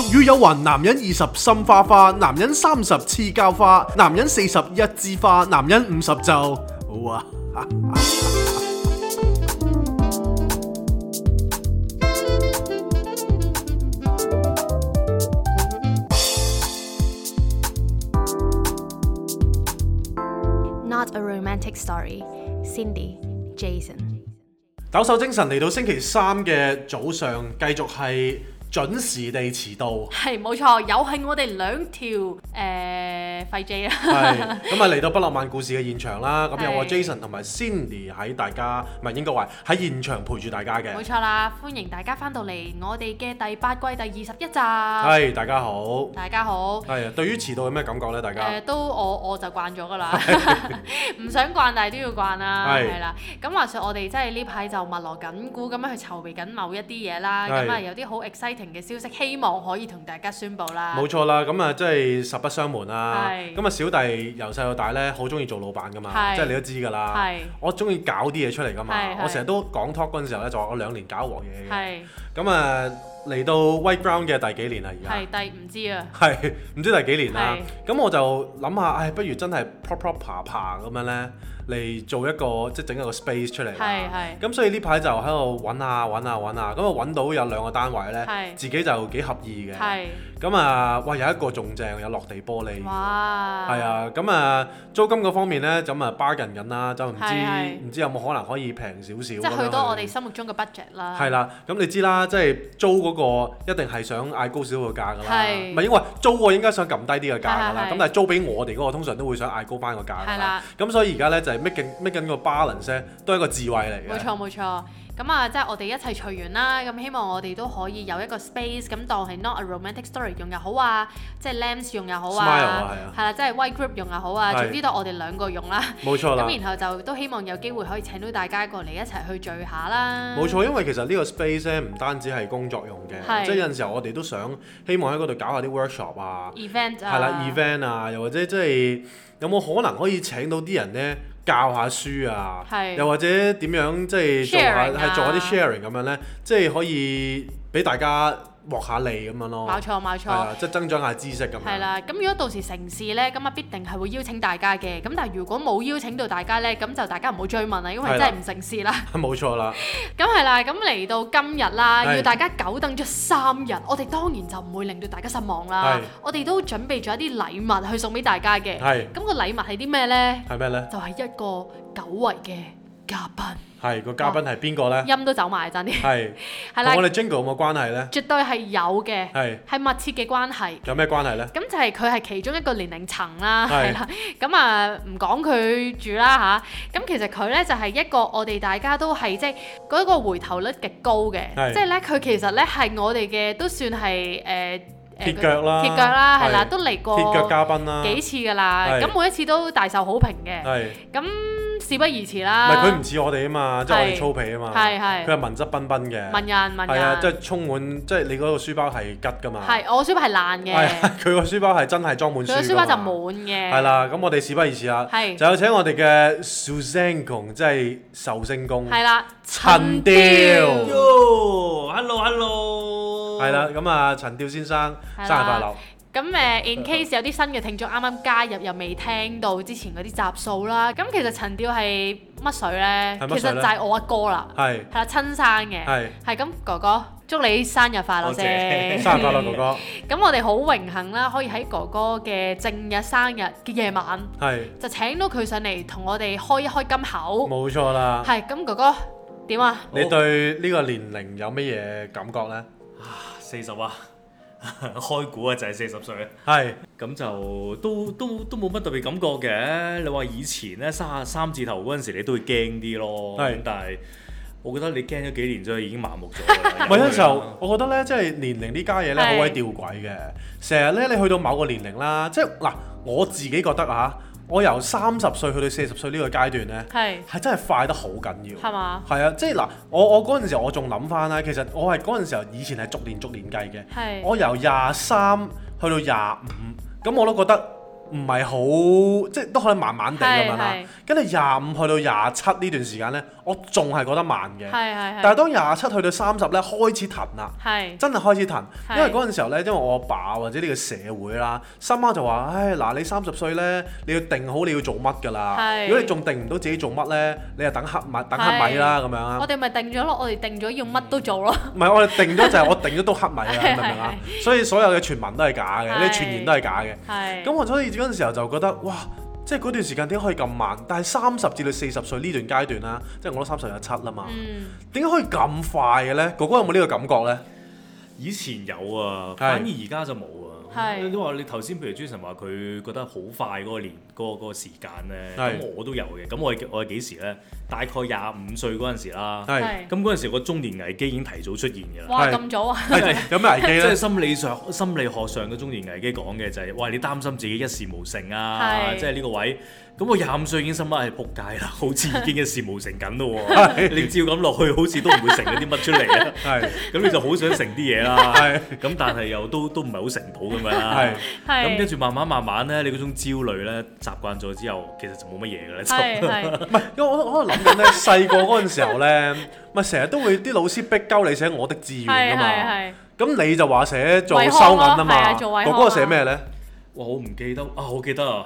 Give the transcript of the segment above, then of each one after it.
俗語有云：男人二十心花花，男人三十似膠花，男人四十一枝花，男人五十就冇、哦、啊。啊啊啊 Not a romantic story. Cindy, Jason。抖擻精神嚟到星期三嘅早上，繼續係。準時地遲到，係冇錯。有幸我哋兩條誒廢 J 啦，咁啊嚟到不浪漫故事嘅現場啦。咁有我 Jason 同埋 Cindy 喺大家，唔係應該話喺現場陪住大家嘅。冇錯啦，歡迎大家翻到嚟我哋嘅第八季第二十一集。係，大家好，大家好。係啊，對於遲到有咩感覺咧？大家誒都我我就慣咗㗎啦，唔想慣但係都要慣啦，係啦。咁話說我哋真係呢排就密鑼緊鼓咁樣去籌備緊某一啲嘢啦，咁啊有啲好 exciting。嘅消息，希望可以同大家宣布啦。冇錯啦，咁啊，即係十不相門啊。咁啊是，小弟由細到大咧，好中意做老闆噶嘛，是即係你都知噶啦。是我中意搞啲嘢出嚟噶嘛，是是我成日都講 talk 嗰陣時候咧，就話我兩年搞一鑊嘢嘅。咁啊，嚟到 White Ground 嘅第幾年啦？而家係第唔知啊，係唔 知第幾年啦是。咁我就諗下，唉、哎，不如真係 prop prop 爬爬咁樣咧，嚟做一個即係整一個 space 出嚟。係係。咁所以呢排就喺度揾啊揾啊揾啊，咁啊揾到有兩個單位咧，是自己就幾合意嘅。係。咁啊，喂，有一個仲正，有落地玻璃，哇，係啊。咁啊，租金嗰方面咧，咁啊，bargain 緊啦，就唔知唔知有冇可能可以平少少。即係去到我哋心目中嘅 budget 啦。係啦，咁你知啦，即係租嗰個一定係想嗌高少少嘅價㗎啦。係。唔係因為租嘅應該想揼低啲嘅價㗎啦。係係係。咁但係租俾我哋嗰個通常都會想嗌高班嘅價㗎啦。係啦。咁所以而家咧就係搣緊搣緊個 balance 咧，都係一個智慧嚟嘅。冇錯，冇錯。咁啊、嗯，即係我哋一齊聚完啦，咁、嗯、希望我哋都可以有一個 space，咁、嗯、當係 not a romantic story 用又好啊，即係 lamb 用又好啊，係啦，的即係 white group 用又好啊，的總之都我哋兩個用啦。冇錯。咁、嗯、然後就都希望有機會可以請到大家過嚟一齊去聚下啦。冇錯，因為其實呢個 space 咧唔單止係工作用嘅，即係的有陣時候我哋都想希望喺嗰度搞下啲 workshop 啊，event 啊，係啦，event 啊，又或者即係有冇可能可以請到啲人咧？教下書啊，是又或者點樣即係做下係做下啲 sharing 咁樣咧，即係 Sharing 可以俾大家。摸下脷咁樣咯，冇錯冇錯，即係增長下知識咁。係啦，咁如果到時成事咧，咁啊必定係會邀請大家嘅。咁但係如果冇邀請到大家咧，咁就大家唔好追問啦，因為真係唔成事啦。冇錯啦。咁係啦，咁嚟到今日啦，要大家久等咗三日，我哋當然就唔會令到大家失望啦。我哋都準備咗一啲禮物去送俾大家嘅。係。咁個禮物係啲咩咧？係咩咧？就係一個久違嘅嘉賓。係、個嘉賓係邊個咧？音都走埋真。係是，係 啦。我哋 Jingle 有冇關係咧？絕對係有嘅，係是密切嘅關係。有咩關係咧？咁就係佢係其中一個年齡層啦，係是啦。咁啊，唔講佢住啦吓。咁、啊、其實佢咧就係、是、一個我哋大家都係即係嗰個回頭率極高嘅，即係咧佢其實咧係我哋嘅都算係誒。呃鐵腳啦，鐵腳啦，係啦，都嚟過鐵腳嘉賓啦，幾次㗎啦，咁每一次都大受好評嘅。係，咁事不宜遲啦。唔係佢唔似我哋啊嘛，即係我哋粗皮啊嘛。係係，佢係文質彬彬嘅。文人文人，係啊，即係充滿，即係你嗰個書包係吉㗎嘛。係，我書包係爛嘅。係，佢個書包係真係裝滿書。佢個書包就滿嘅。係啦，咁我哋事不宜遲啦。係，就有請我哋嘅蘇星瓊，即係壽星公。係啦，陳吊。Yo，hello，hello。係啦，咁啊，陳吊先生生日快樂！咁誒，in case 有啲新嘅聽眾啱啱加入又未聽到之前嗰啲集數啦，咁其實陳吊係乜水咧？其實就係我阿哥啦，係係啦，親生嘅，係係咁哥哥，祝你生日快樂先！生日快樂，哥哥！咁我哋好榮幸啦，可以喺哥哥嘅正日生日嘅夜晚，係就請到佢上嚟同我哋開一開金口，冇錯啦。係咁哥哥，點啊？你對呢個年齡有乜嘢感覺咧？四十啊， 開估啊就係四十歲啊，係咁是就都都都冇乜特別感覺嘅。你話以前咧三三字頭嗰陣時，你都會驚啲咯，是但係我覺得你驚咗幾年之後已經麻木咗。唔係有 為時候 我覺得咧，即、就、係、是、年齡家呢家嘢咧好鬼吊詭嘅。成日咧你去到某個年齡啦，即係嗱我自己覺得啊。我由三十歲去到四十歲呢個階段呢，係是真係快得好緊要，係嘛吧？係啊，即係嗱，我我嗰陣時候我仲諗翻咧，其實我係嗰陣時候以前係逐年逐年計嘅，是我由廿三去到廿五，咁我都覺得。唔係好，即係都可以慢慢哋咁樣啦。跟住廿五去到廿七呢段時間咧，我仲係覺得慢嘅。係，係，但係當廿七去到三十咧，開始騰啦。係。真係開始騰，因為嗰陣時候咧，因為我阿爸或者呢個社會啦，心媽就話，唉，嗱，你三十歲咧，你要定好你要做乜㗎啦。如果你仲定唔到自己做乜咧，你就等黑米，等黑米啦咁樣啊。我哋咪定咗咯，我哋定咗要乜都做咯。唔係，我哋定咗就係我定咗都黑米啦，明唔明啊？所以所有嘅傳聞都係假嘅，你傳言都係假嘅。係。咁我所以。陣時候就覺得哇，即係嗰段時間點解可以咁慢，但係三十至到四十歲呢段階段啦，即係我都三十一七啦嘛，點解、嗯、可以咁快嘅咧？哥哥有冇呢個感覺咧？以前有啊，反而而家就冇啊。是你都話你頭先，譬如朱晨話佢覺得好快嗰個年，嗰、嗰個嗰、嗰個時間咧，咁是我都有嘅。咁我係我係幾時咧？大概廿五歲嗰陣時啦。咁嗰陣時個中年危機已經提早出現嘅啦。哇是！咁早啊？ 有咩危機咧？即係心理上、心理學上嘅中年危機講嘅就係、是：哇！你擔心自己一事無成啊？即係呢個位。咁我廿五歲已經心諗係仆街啦，好似已經一事無成緊咯喎！是你照咁落去，好似都唔會成嗰啲乜出嚟啊！係是，咁是你就好想成啲嘢啦，咁是但係又都都唔係好成到咁樣啦。係是，咁跟住慢慢慢慢咧，你嗰種焦慮咧，習慣咗之後，其實就冇乜嘢㗎啦。唔係，因為 我我諗緊咧，細個嗰陣時候咧，咪成日都會啲老師逼交你寫我的志願㗎嘛。咁你就話寫做收銀啊嘛，啊哥哥寫咩咧？我唔記得啊，我記得啊。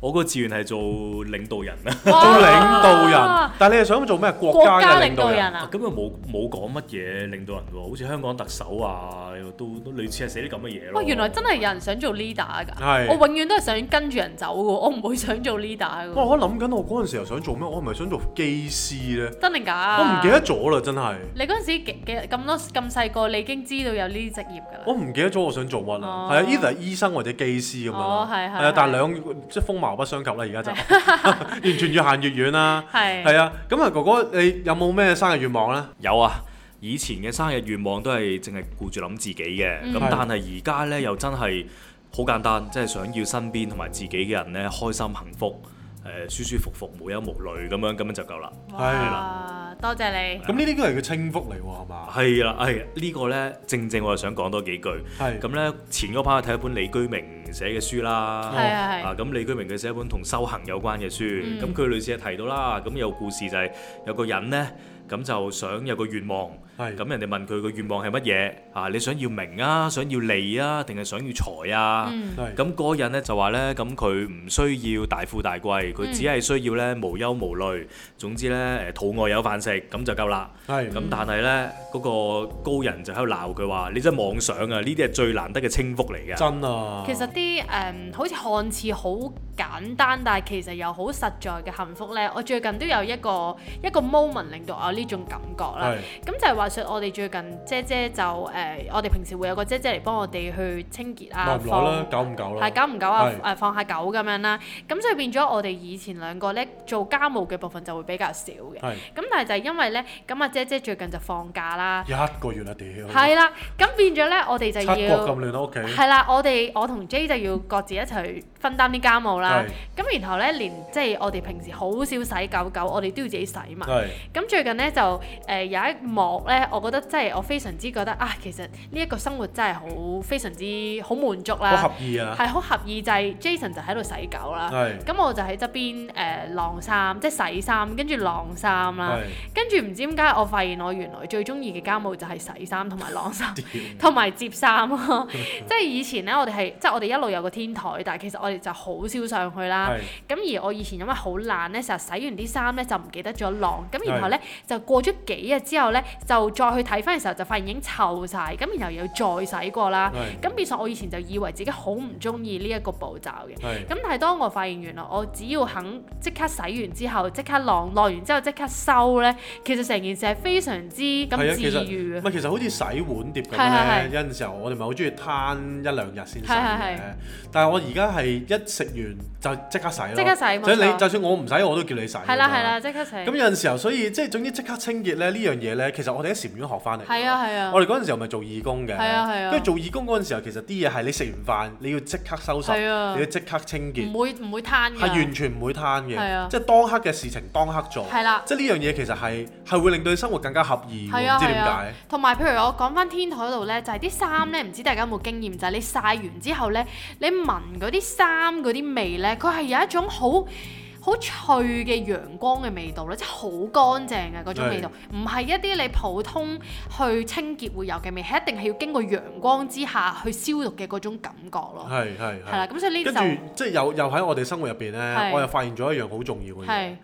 我個志願係做領導人啊！做領導人，但係你係想做咩？國家嘅領導人啊？咁又冇冇講乜嘢領導人喎、啊？人好似香港特首啊，都都類似係寫啲咁嘅嘢咯。哇、哦！原來真係有人想做 leader 㗎。係。我永遠都係想跟住人走嘅，我唔會想做 leader。哇、哦！我諗緊，我嗰陣時又想做咩？我係咪想做機師咧？真定假？我唔記得咗啦，真係。你嗰陣時咁多咁細個，你已經知道有呢啲職業㗎啦。我唔記得咗我想做乜啦、哦。係啊 either 醫生或者機師咁樣啦。哦，係啊、哦，係係係但係兩即係風毫不相及啦，而家就完全越行越遠啦。係係啊，咁 啊，哥哥你有冇咩生日願望呢？有啊，以前嘅生日願望都係淨係顧住諗自己嘅，咁、嗯、但係而家呢，又真係好簡單，即係想要身邊同埋自己嘅人呢，開心幸福。誒舒舒服服、無憂無慮咁樣，咁樣就夠啦。係啦哇，了多謝你。咁吧、這個、呢啲都係佢清福嚟喎，係嘛？係啦，係呢個咧，正正我係想講多幾句。係咁咧，前嗰排睇一本李居明寫嘅書啦。係係、哦。啊，咁李居明佢寫一本同修行有關嘅書，咁佢、嗯、類似係提到啦，咁有故事就係、是、有個人咧，咁就想有個願望。係，咁人哋問佢個願望係乜嘢？啊，你想要名啊，想要利啊，定係想要財啊？嗯，係。咁嗰個人咧就話咧，咁佢唔需要大富大貴，佢只係需要咧無憂無慮，總之咧誒肚餓有飯食咁就夠啦。係。咁但係咧嗰個高人就喺度鬧佢話：你真係妄想啊！呢啲係最難得嘅清福嚟嘅。真啊。其實啲誒好似看似好簡單，但係其實又好實在嘅幸福咧，我最近都有一個一個 moment 令到我呢種感覺啦。係。咁就係話。所以我哋最近姐姐就誒、呃、我哋平時會有個姐姐嚟幫我哋去清潔啊，放啦，久唔久啦？係久唔久啊？誒放下狗咁樣啦。咁所以變咗我哋以前兩個咧做家務嘅部分就會比較少嘅。咁是但係就係因為咧，咁啊姐姐最近就放假啦。一個月啦、啊、屌。係啦，咁變咗咧，我哋就要七國咁亂喺屋企。係、啊 okay? 啦，我哋我同 J 就要各自一齊分擔啲家務啦。咁是然後咧，連即係我哋平時好少洗狗狗，我哋都要自己洗嘛。咁是是最近咧就誒、呃、有一幕咧。我覺得真係我非常之覺得啊，其實呢一個生活真係好非常之好滿足啦，係好合意、啊、合意就係、是、Jason 就喺度洗狗啦，咁是我就喺側邊誒晾、呃、衫，即係洗衫跟住晾衫啦，跟住唔是知點解我發現我原來最中意嘅家務就係洗衫同埋晾衫，同埋摺衫咯、啊， 即係以前呢，我哋係即係我哋一路有個天台，但係其實我哋就好少上去啦，咁是而我以前因為好懶咧，成日洗完啲衫咧就唔記得咗晾，咁然後咧是就過咗幾日之後咧就。再去睇翻嘅時候就發現已經臭晒。咁然後又，又再洗過啦。咁是的 變相我以前就以為自己好唔中意呢一個步驟嘅。咁是的 但係當我發現原來我只要肯即刻洗完之後，即刻晾晾完之後即刻收呢，其實成件事係非常之咁治癒。其實，其實好似洗碗碟咁咧，是的是有陣時候我哋咪好中意攤一兩日先洗是的是但係我而家係一食完就即刻洗。即刻洗冇錯。所以你就算我唔洗我都叫你洗。係啦係啦，即刻洗。咁有陣時候，所以即係總之即刻清潔咧呢樣嘢呢，其實我哋慈院學翻嚟，係啊係啊，我哋嗰陣時候咪做義工嘅，係啊係啊。跟住做義工嗰陣時候，其實啲嘢係你食完飯你要即刻收拾，係啊，你要即刻清潔，唔會唔會攤嘅，係完全唔會攤嘅，係啊，即係當刻嘅事情當刻做，係啦，即係呢樣嘢其實係係會令到你生活更加合意，唔知點解。同埋譬如我講翻天台度咧，就係啲衫咧，唔知大家有冇經驗就係你曬完之後咧，你聞嗰啲衫嗰啲味咧，佢係有一種好好脆嘅陽光嘅味道咧，即係好乾淨嘅嗰種味道，唔係是一啲你普通去清潔會有嘅味，係一定係要經過陽光之下去消毒嘅嗰種感覺咯。係係係啦，咁是是所以呢跟住即係、即係、又又喺我哋生活入邊咧，是我又發現咗一樣好重要嘅嘢。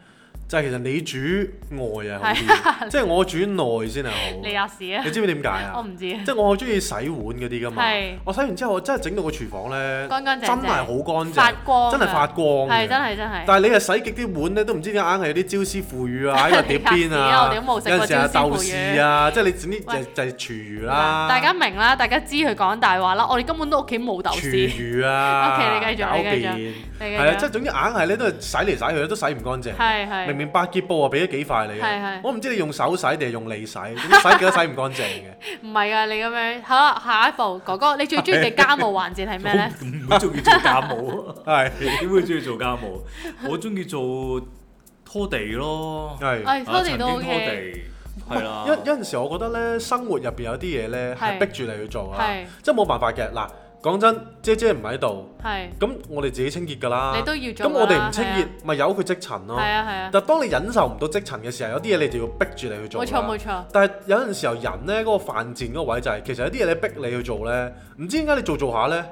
但係其實你煮外啊，好啲，即係我煮內先係好。你吔屎啊！你知唔知點解啊？我唔知。即係我好中意洗碗嗰啲㗎嘛。係。我洗完之後，我真係整到個廚房咧，乾乾淨淨，真係好乾淨，發光，真係發光。係真係真係。但係你係洗極啲碗咧，都唔知點解硬係有啲椒絲腐乳啊，喺個碟邊啊，有陣時豆豉啊，即係你整啲就就係廚餘啦。大家明啦，大家知佢講大話啦，我哋根本都屋企冇豆豉。廚餘啊！OK，你繼續，我繼續。係啊，即係總之硬係咧，都係洗嚟洗去都洗唔乾淨。係係。百潔布啊，俾咗幾塊你啊！是是我唔知你用手洗定係用脷洗，洗幾多洗唔乾淨嘅。唔係 啊，你咁樣好啦，下一步，哥哥，你最中意嘅家務環節係咩呢？唔會中意做家務啊！係點 會中意做家務？我中意做拖地咯。係是、啊、拖地都 OK。係啦，有陣的時我覺得呢，生活入邊有啲嘢呢，係逼住你去做啊，即係冇辦法嘅嗱。講真，姐姐唔喺度，咁是我哋自己清潔㗎啦。你咁我哋唔清潔，咪、啊、由佢積塵咯。係啊，係啊。啊但係當你忍受唔到積塵嘅時候，有啲嘢你就要逼住你去做。冇錯冇錯。錯但係有陣時候人咧嗰、嗰個犯賤嗰個位就係、是，其實有啲嘢你逼你去做咧，唔知點解你做做下咧？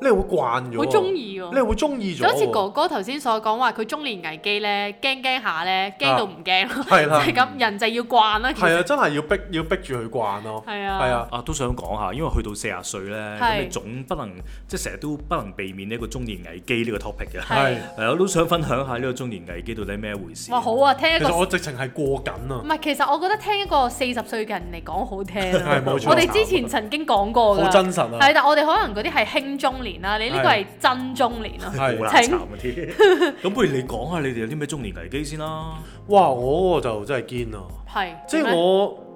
你會慣咗，你會中意咗。好似哥哥頭先所講話，佢中年危機咧，驚驚下咧，驚到唔驚咯，係啦，係咁，人就要慣啦。係啊，真係要逼要逼住佢慣咯。係啊，係啊，啊都想講下，因為去到四十歲咧，咁你總不能即係成日都不能避免呢個中年危機呢個 topic 嘅。係，係我都想分享下呢個中年危機到底咩回事。好啊，聽一個。我直情係過緊啊。唔係，其實我覺得聽一個四十歲嘅人嚟講好聽。冇錯。我哋之前曾經講過。好真實啊。係，但我哋可能嗰啲係輕中年。年啦、啊，你呢個係真中年啊！請咁 不如你講下你哋有啲咩中年危機先啦、啊。哇，我個就真係堅啊，是即係是 我。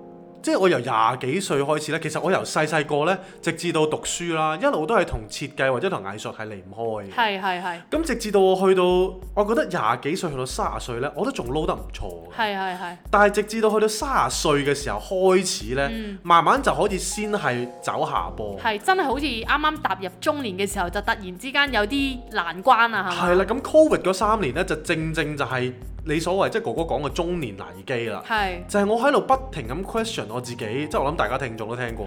即係我由廿幾歲開始咧，其實我由細細個咧，直至到讀書啦，一路都係同設計或者同藝術係離唔開嘅。係係係。咁直至到我去到，我覺得廿幾歲去到三十歲咧，我都仲撈得唔錯嘅。係係係。但係直至到去到三十歲嘅時候開始咧，嗯、慢慢就可以先係走下坡。係真係好似啱啱踏入中年嘅時候，就突然之間有啲難關啊！係啦，咁 Covid 嗰三年咧，就正正就係、係。你所謂即係、就是、哥哥講嘅中年危機啦，是就係我喺度不停咁 question 我自己，即、就、係、是、我諗大家聽眾都聽過，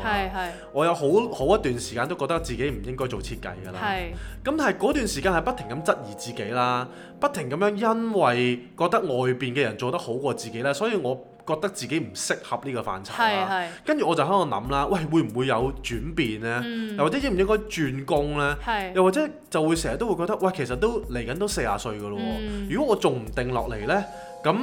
我有好好一段時間都覺得自己唔應該做設計㗎啦，咁但係嗰段時間係不停咁質疑自己啦，不停咁樣因為覺得外邊嘅人做得好過自己啦，所以我，覺得自己唔適合呢個範疇啦、啊，跟住是是 我就喺度諗啦，喂，會唔會有轉變呢？嗯、又或者應唔應該轉工呢？嗯、又或者就會成日都會覺得，喂，其實都嚟緊都四十歲㗎喇喎，嗯、如果我仲唔定落嚟呢？咁。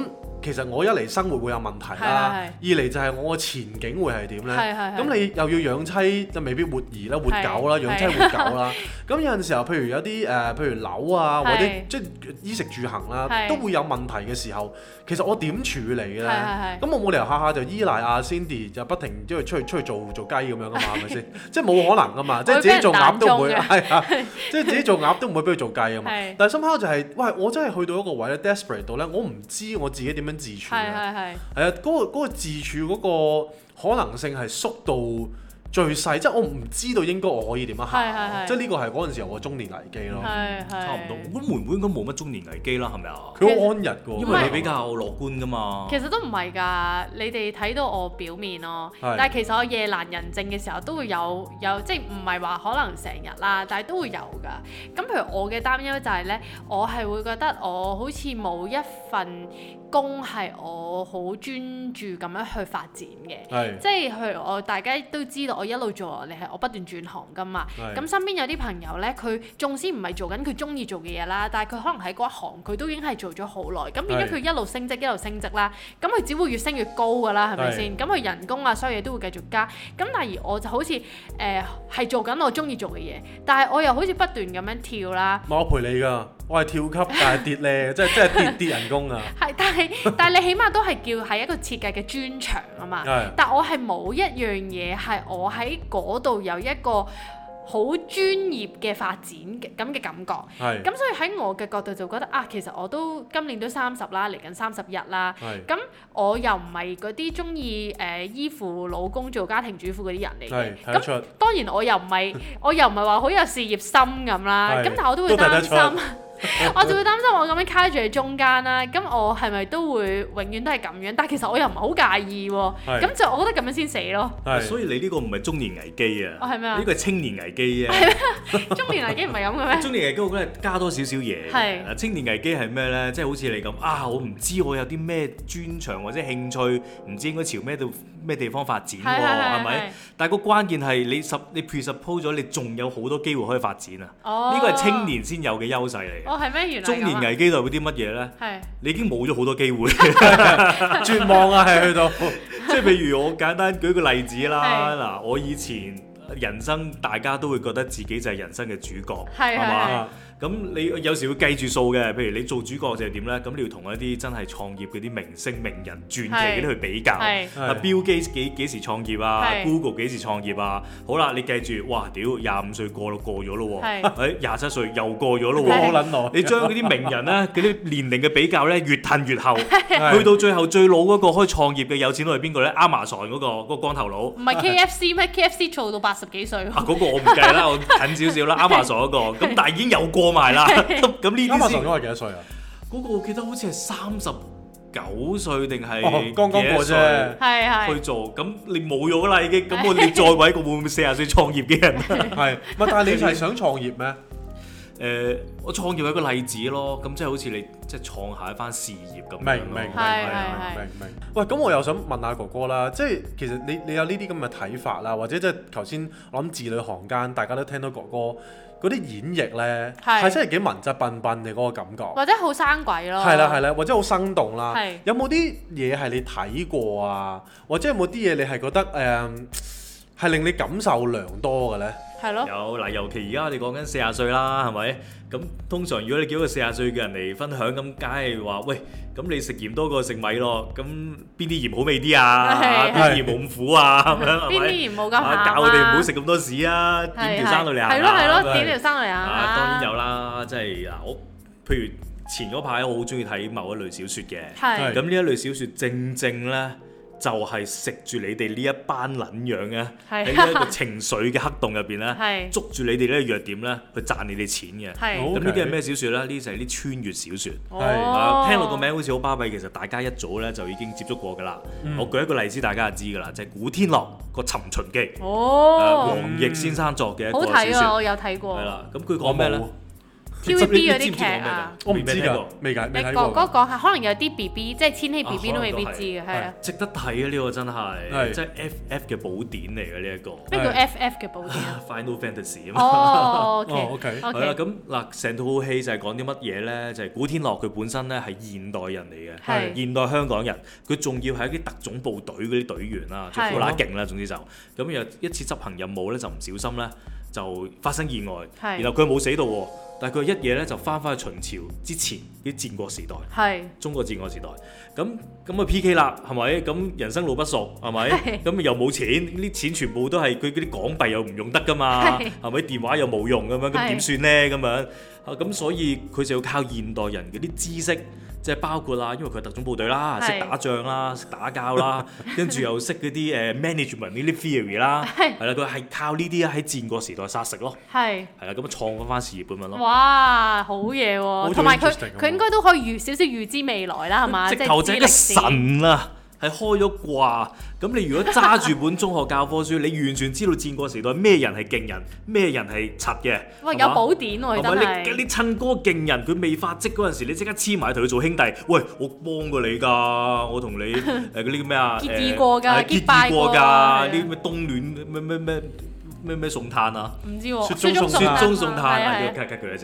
其實我一嚟生活會有問題啦，二嚟就係我嘅前景會係點咧？咁你又要養妻就未必活兒啦，活狗啦，養妻活狗啦。咁有陣時候，譬如有啲誒，譬如樓啊，或者即係衣食住行啦，都會有問題嘅時候，其實我點處理咧？咁我冇理由下下就依賴阿 Cindy，就不停即係出去出去做做雞咁樣噶嘛，係咪先？即係冇可能噶嘛，即係自己做鴨都唔會係啊，即係自己做鴨都唔會俾佢做雞啊嘛。但係深刻就係喂，我真係去到一個位咧，desperate 到咧，我唔知我自己點樣。自處係係係係啊！嗰個嗰個自處嗰個可能性係縮到最細，即係我唔知道應該我可以點樣行。係，係即係呢個係嗰陣時候我中年危機咯，係，係差唔多。我覺得妹妹應該冇乜中年危機啦，係咪啊？佢好安逸嘅，因為你比較樂觀㗎嘛。其實都唔係㗎，你哋睇到我表面咯，係，但係其實我夜難人靜嘅時候都會有有，有，即係唔係話可能成日啦，但係都會有㗎。咁譬如我嘅擔憂就係咧，我係會覺得我好似冇一份工係我好專注咁樣去發展嘅，是即係譬如我大家都知道我一路做落嚟係我不斷轉行噶嘛。咁是身邊有啲朋友呢，佢縱使唔係做緊佢中意做嘅嘢啦，但係佢可能喺嗰一行佢都已經係做咗好耐，咁變咗佢一路升職一路升職啦，咁佢只會越升越高噶啦，係咪先？咁佢是人工啊，所有嘢都會繼續加。咁但係我就好似誒係做緊我中意做嘅嘢，但係我又好似不斷咁樣跳啦。我陪你㗎。我係跳級，但係跌咧，即係即係跌跌人工啊！係，但係但係你起碼都係叫係一個設計嘅專長啊嘛。係，但我係冇一樣嘢係我喺嗰度有一個好專業嘅發展嘅咁嘅感覺。係，咁所以喺我嘅角度就覺得啊，其實我都今年都三十啦，嚟緊三十日啦。係，咁我又唔係嗰啲鍾意誒依附老公做家庭主婦嗰啲人嚟嘅。係，睇得出。當然我又唔係我又唔係話好有事業心咁啦。係，咁但係我都會擔心。 我就會擔心我咁樣卡住喺中間啦、啊，咁我係咪都會永遠都係咁樣？但係其實我又唔係好介意喎、啊。咁是就我覺得咁樣先死咯。所以你呢個唔係中年危機啊？呢、哦、個係青年危機啫、啊。中年危機唔係咁嘅咩？ 中年危機我覺得加多少少嘢。係是。青年危機係咩咧？即、就、係、是、好似你咁啊，我唔知我有啲咩專長或者興趣，唔知應該朝咩咩地方發展喎、啊？係咪？但係個關鍵係你十你 pre 咗，你仲有好多機會可以發展啊。呢個係青年先有嘅優勢嚟。我係咩原樣？中年危機代表啲乜嘢呢？是你已經冇咗好多機會， 絕望啊！係去到即係，譬、即係、如我簡單舉個例子啦。嗱是，我以前人生，大家都會覺得自己就係人生嘅主角，係嘛？咁你有時會計住數嘅，譬如你做主角就係點咧？咁你要同一啲真係創業嗰啲明星、名人傳奇嗰啲去比較。阿 Bill Gates 幾幾時創業啊？Google 幾時創業啊？好啦，你計住，哇屌，廿五歲過咯，過咗咯喎。誒，廿七歲又過咗咯喎，好撚耐。你將嗰啲名人咧，嗰啲年齡嘅比較咧，越褪越後，去到最後最老嗰個可以創業嘅有錢佬係邊個咧？Amazon 嗰個，嗰個光頭佬。唔係 KFC 咩？KFC 做到八十幾歲。嚇！嗰個我唔計啦，我近少少啦，Amazon 嗰個。咁但係已經有過。埋啦，咁呢啲先。阿文松哥幾多歲啊？嗰個我記得好似係三十九歲定係幾歲？係係、哦、啱啱過咗、去做。咁是是 你冇咗啦已經。咁我是是 你再揾個會唔會四十歲創業嘅人？係。 唔係，但係你係想創業咩？ 誒、呃，我創業有一個例子咯，咁即係好似你即係、就是、創下一番事業咁。明明明明明明。喂，咁我又想問下、啊、哥哥啦，即係其實你你有呢啲咁嘅睇法啦，或者即係頭先我諗字裏行間大家都聽到哥哥嗰啲演繹咧，係是真係幾文質彬彬嘅嗰個感覺，或者好生鬼咯，係啦係啦，或者好生動啦，是有冇啲嘢係你睇過啊，或者有冇啲嘢你係覺得誒係、呃、令你感受良多嘅咧？係是咯，有嗱，尤其而家我哋講緊四廿十歲啦，係咪？咁通常如果你叫一個四廿十歲嘅人嚟分享，咁梗係話喂，咁你食鹽多過食米咯？咁邊啲鹽好味啲啊？邊啲鹽冇咁苦啊？咁樣係邊啲鹽冇咁是是 鹹、啊、教我哋唔好食咁多屎啊！點條生嚟啊？係咯係咯，點條生嚟啊？啊當然有啦，即係嗱，我譬如前嗰排我好中意睇某一類小説嘅，咁呢是的 的一類小説正正咧。就係食住你哋呢一班撚樣嘅，喺呢一個情緒嘅黑洞入邊咧，捉住你哋呢個弱點咧，去賺你哋錢嘅。咁 呢啲係咩小説咧？呢啲就係啲穿越小説。係、 哦、啊，聽落個名好似好巴閉，其實大家一早咧就已經接觸過㗎啦。嗯、我舉一個例子，大家就知㗎啦，就係、是、古天樂個《尋秦記》。哦，黃、啊、易先生作嘅一個小説、好睇、哦。我有睇過。係啦，咁佢講咩咧？嗯 TVB 嗰啲劇啊，我唔知㗎，未㗎，未睇過。你講講下，可能有啲 BB，即係千禧 BB 都未必知嘅，係啊。值得睇啊！呢個真係係即係 FF 嘅寶典嚟嘅呢一個。咩叫 FF 嘅寶典？Final Fantasy 啊嘛。哦，OK，OK，係啦。咁嗱，成套戲就係講啲乜嘢咧？就係古天樂佢本身咧係現代人嚟嘅，現代香港人。佢仲要係一啲特種部隊嗰啲隊員啦，仲好乸勁啦，總之就咁又一次執行任務咧，就唔小心咧就發生意外，然後佢又冇死到喎。但佢一夜咧就翻返去秦朝之前啲戰國時代，係是中國戰國時代，咁咁咪 P K 啦，係咪？咁人生路不熟，係咪？咁是又冇錢，啲錢全部都係佢啲港幣又唔用得噶嘛，係咪是？電話又冇用咁樣，咁點算咧？咁樣啊，咁所以佢就要靠現代人嗰啲知識。即係包括啦，因為佢係特種部隊啦，識是打仗啦，識打交啦，跟住 又識嗰啲誒 management 呢啲 theory 啦，係啦、 呃，佢係靠呢啲啊喺戰國時代殺食咯，係係啦，咁啊創咗翻事業咁樣咯。哇，好嘢喎，啊！同埋佢佢應該都可以預少少預知未來啦，係嘛？直頭似個神啊！係開咗掛，咁你如果揸住本中學教科書， 你完全知道戰國時代咩人係勁人，咩人係柒嘅。喂，係咪有寶典啊！係咪你你，你趁個勁人，佢未發跡嗰陣時，你即刻黐埋同佢做兄弟。喂，我幫過你㗎，我同你誒嗰啲叫咩啊？呃、 結義過㗎，結拜過㗎，啲咩冬暖咩咩咩。咩咩送炭啊？唔知喎，雪中送雪中送炭啊！叫 c a t e g o r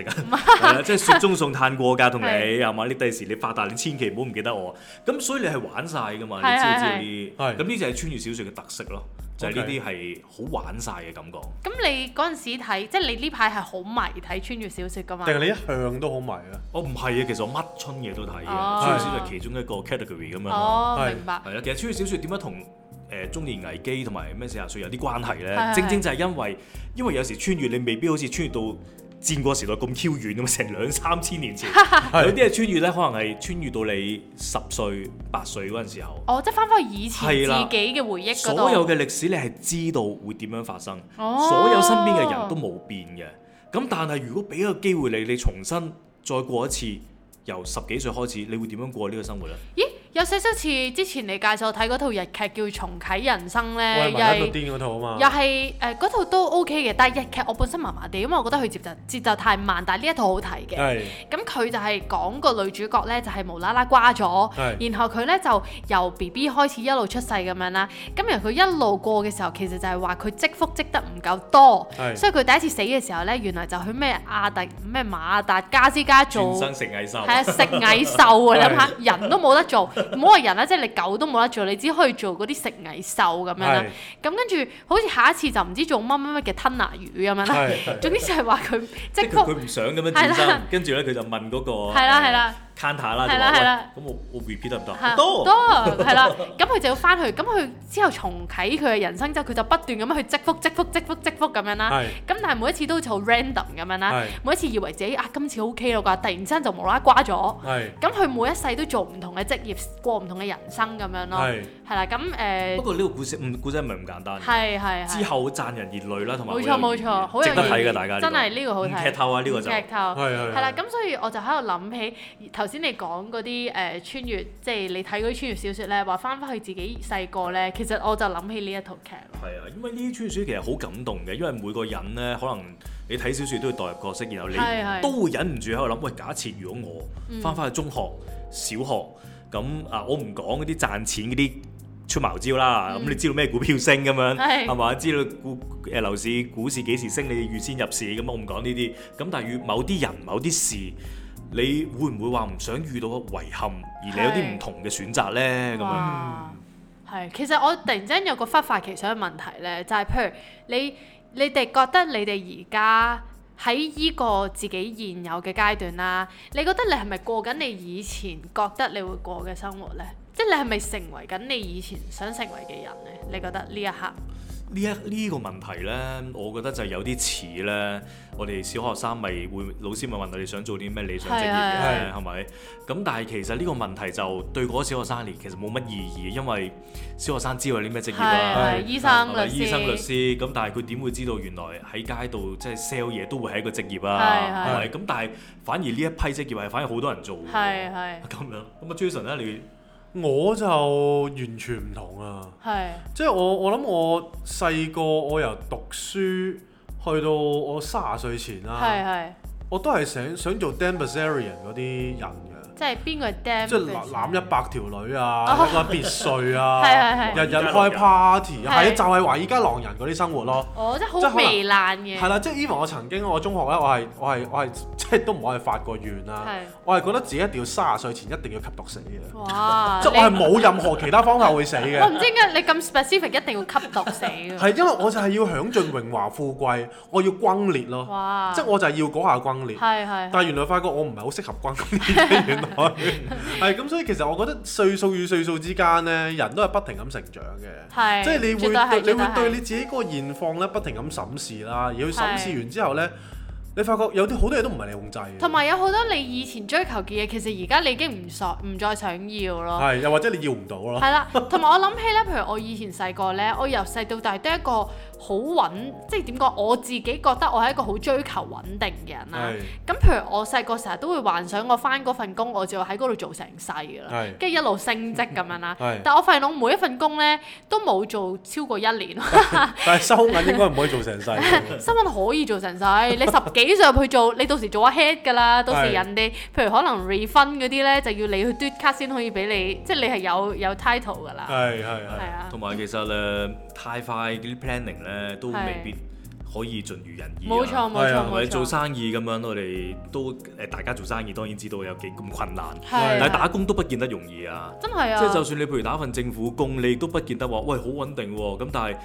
即係雪中送炭過㗎，同你係嘛？你第時你發達，你千祈唔好唔記得我。咁所以你係玩晒㗎嘛？你知唔知呢？咁呢就係穿越小説嘅特色咯，就係呢啲係好玩晒嘅感覺。咁你嗰陣時睇，即係你呢排係好迷睇穿越小説㗎嘛？定係你一向都好迷咧？我唔係啊，其實我乜春嘢都睇嘅，穿越小説係其中一個 category 咁樣。哦，明白。係啦，其實穿越小説點樣同？誒中年危機同埋咩四十歲有啲關係呢？是的 正正就係因為，因為有時穿越你未必好似穿越到戰國時代咁遙遠咁成兩三千年前， 有啲係穿越呢可能係穿越到你十歲、八歲嗰陣時候。哦，即係翻返去以前自己嘅回憶嗰度。所有嘅歷史你係知道會點樣發生，哦、所有身邊嘅人都冇變嘅。咁但係如果俾一個機會你，你重新再過一次，由十幾歲開始，你會點樣過呢個生活呢？咦？有少少似之前你介紹我睇嗰套日劇叫《重啟人生》咧，又係，又係誒嗰套都 O K 嘅，但係日劇我本身麻麻地，因為我覺得佢節奏節奏太慢，但係呢一套好睇嘅。咁佢是就係講個女主角咧，就係、是、無啦啦瓜咗，是然後佢咧就由 B B 開始一路出世咁樣啦。咁然佢一路過嘅時候，其實就係話佢積福積得唔夠多，是所以佢第一次死嘅時候咧，原來就去咩亞達咩馬亞達加斯加做食蟻獸，係啊食蟻獸啊！獸 你諗下人都冇得做。 唔好話人啦，即係你狗都冇得做，你只可以做嗰啲食蟻獸咁樣啦。咁是的 跟住，好似下一次就唔知做乜乜乜嘅吞拿魚咁樣啦。是的 總之就係話佢即係佢唔想咁樣轉身，的跟住咧佢就問嗰個。係啦係啦。counter 啦，咁我我 repeat 得唔得？得，係啦，咁佢就要翻去，咁佢之後重啟佢嘅人生之後，佢就不斷咁樣去積福、積福、積福、積福咁樣啦。係，咁但係每一次都好 random 咁樣啦。係，每一次以為自己啊今次 OK 啦啩，突然之間就無啦啦瓜咗。係，咁佢每一世都做唔同嘅職業，過唔同嘅人生咁樣咯。係，係啦，咁誒。不過呢個故事，嗯，故仔咪咁簡單。係係。之後賺人熱淚啦，同埋。冇錯冇錯，好容易。值得睇嘅大家，真係呢個好睇。劇透啊，呢個就。劇透係係。係啦，咁所以我就喺度諗起頭。頭先你講嗰啲誒穿越，即係你睇嗰啲穿越小說咧，話翻返去自己細個咧，其實我就諗起呢一套劇囉。係啊，因為呢啲穿越小說其實好感動嘅，因為每個人咧，可能你睇小說都要代入角色，嗯、然後你是是都會忍唔住喺度諗，喂，假設如果我翻返去中學、嗯、小學，咁啊，我唔講嗰啲賺錢嗰啲出茅招啦，咁、嗯、你知道咩股票升咁、嗯、樣，係嘛是？知道股誒樓市、股市幾時升，你預先入市咁我唔講呢啲，咁但係與某啲人、某啲事。你會唔會話唔想遇到個遺憾，而你有啲唔同嘅選擇呢？咁樣係，其實我突然間有個忽發奇想嘅問題呢，就係、是、譬如你，你哋覺得你哋而家喺依個自己現有嘅階段啦、啊，你覺得你係咪過緊你以前覺得你會過嘅生活呢？即、就、係、是、你係咪成為緊你以前想成為嘅人呢？你覺得呢一刻？呢一呢個問題呢，我覺得就有啲似呢。我哋小學生咪會老師咪問你想做啲咩理想職業嘅係咪？咁但係其實呢個問題就對嗰小學生嚟其實冇乜意義，因為小學生知道啲咩職業啊，醫生、律師，醫生、律師。咁但係佢點會知道原來喺街度即係 sell 嘢都會係一個職業啊？係咪？咁但係反而呢一批職業係反而好多人做，係係咁樣。咁啊，Jason 呢？你？我就完全唔同啊是！係，即係我我諗我細個我由讀書去到我卅歲前啦，啊，是是 我都係想想做 Dambassarian 啲人。即係邊個？即係攬一百條女啊！一個別墅啊！日日開 party，係啊！就係話依家狼人嗰啲生活咯。哦，即係好糜爛嘅。係啦，即係因為我曾經我中學咧，我係我係我係即係都唔可以發過願啊。我係覺得自己一定要三十歲前一定要吸毒死嘅。哇！即係我係冇任何其他方法會死嘅。我唔知點解你咁 specific 一定要吸毒死。係因為我就係要享盡榮華富貴，我要轟烈咯。哇！即係我就係要嗰下轟烈。係係。但係原來發覺我唔係好適合轟烈。係，咁， 所以其實我覺得歲數與歲數之間咧，人都係不停咁成長嘅。係是，即係你會，你會對你自己嗰個現況咧，不停咁審視啦。而去審視完之後咧，是你發覺有啲好多嘢都唔係你控制嘅。同埋有好多你以前追求嘅嘢，其實而家你已經唔想，唔再想要咯。係，又或者你要唔到咯。係啦，同埋我諗起咧，譬如我以前細個咧，我由細到大得一個。好穩，即係點講？我自己覺得我係一個好追求穩定嘅人啦、啊。咁是譬如我細個成日都會幻想我，我翻嗰份工我就喺嗰度做成世噶啦，跟住是一路升職咁樣啦、啊。是但我發現我每一份工咧都冇做超過一年。 但係收銀應該唔可以做成世。收銀 可以做成世，你十幾歲入去做，你到時做一 head 㗎啦。到時人哋是譬如可能 refund 嗰啲咧，就要你去 doot cut 先可以俾你，即係你係有有 title 㗎啦。係係係啊。同埋其實誒，太快啲 planning 誒、呃、都未必可以盡如人意、啊，冇錯冇錯，係、啊、做生意咁樣，錯我哋都誒、呃、大家做生意當然知道有幾咁困難，啊、但係打工都不見得容易啊，真係啊，即係就算你譬如打份政府工，你都不見得話喂好穩定喎、啊，咁但係。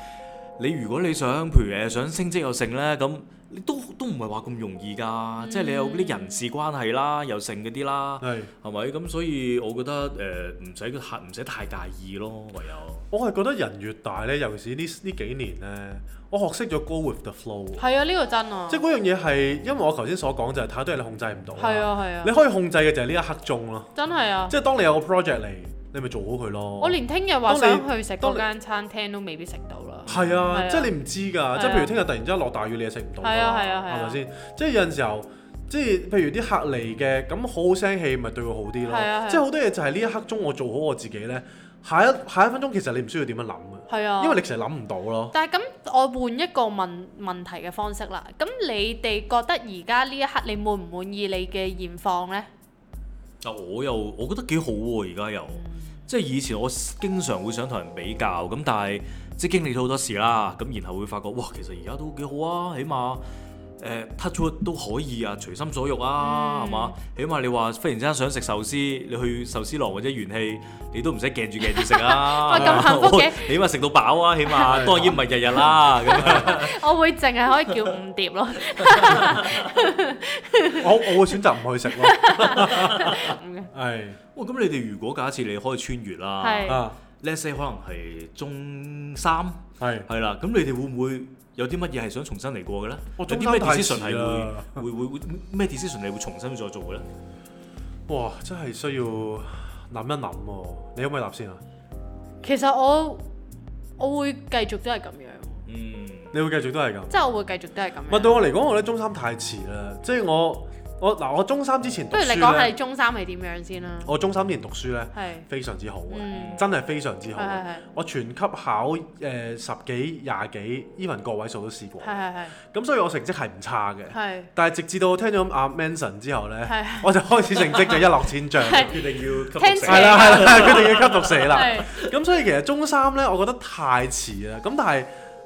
你如果你想，譬如想升職又剩呢，咁你都都唔係話咁容易㗎，嗯、即係你有啲人事關係啦，又剩嗰啲啦，係係咪？咁所以我覺得誒唔使太唔使太大意咯，唯有。我係覺得人越大呢，尤其是呢呢幾年呢，我學識咗 Go with the flow。係啊，呢、呢個真啊。即係嗰樣嘢係，因為我頭先所講就係太多嘢你控制唔到。係啊，係啊。你可以控制嘅就係呢一刻鐘咯。真係啊。啊即係當你有個 project 嚟。你咪做好佢咯。我連聽日話想去食嗰間餐廳都未必食到啦。係啊，即係你唔知㗎，即係譬如聽日突然之間落大雨，你又食唔到。係啊係啊係。係咪先？即係有陣時候，即係譬如啲客嚟嘅，咁好好聲氣，咪對佢好啲咯。係啊係啊。即係好多嘢就係呢一刻中，我做好我自己呢。下一下一分鐘，其實你唔需要點樣諗㗎。係啊。因為你其實諗唔到咯。但係咁，我換一個問問題嘅方式啦。咁你哋覺得而家呢一刻，你滿唔滿意你嘅現況呢？就我又我覺得幾好喎，而家又即係以前我經常會想同人比較咁，但係即係經歷咗好多事啦，咁然後會發覺哇，其實而家都幾好啊，起碼。誒、uh，touch wood 都可以啊，隨心所欲啊，係嘛、嗯？起碼你話忽然之間想食壽司，你去壽司郎或者元氣，你都唔使驚住驚住食啊！喂，咁幸福嘅，起碼食到飽啊，起碼 當然唔係日日啦。我會淨係可以叫五碟咯。我我會選擇唔去食咯。係。哇，咁你哋如果假設你可以穿越啦、啊。係。 Let's say 可能係中三係係啦，咁是你哋會唔會有啲乜嘢係想重新嚟過嘅咧？中三太遲啦！ 會會會，咩 decision 你會重新再做嘅咧？哇！真係需要諗一諗喎、啊，你可唔可以答先啊？其實我我會繼續都係咁樣。嗯，你會繼續都係咁。即係我會繼續都係咁。唔，對我嚟講，我覺得中三太遲啦，即係我。我嗱，我中三之前讀書咧。不如你講下你中三係點樣先啦。我中三年讀書咧，係非常之好嘅，真係非常之好。我全級考誒十幾、廿幾，even 個位數都試過。係係係。咁所以我成績係唔差嘅。係。但係直至到我聽咗阿 Manson 之後咧，我就開始成績就一落千丈，決定要吸毒死。係啦係啦，決定要吸毒死啦。咁所以其實中三咧，我覺得太遲啦。咁但係。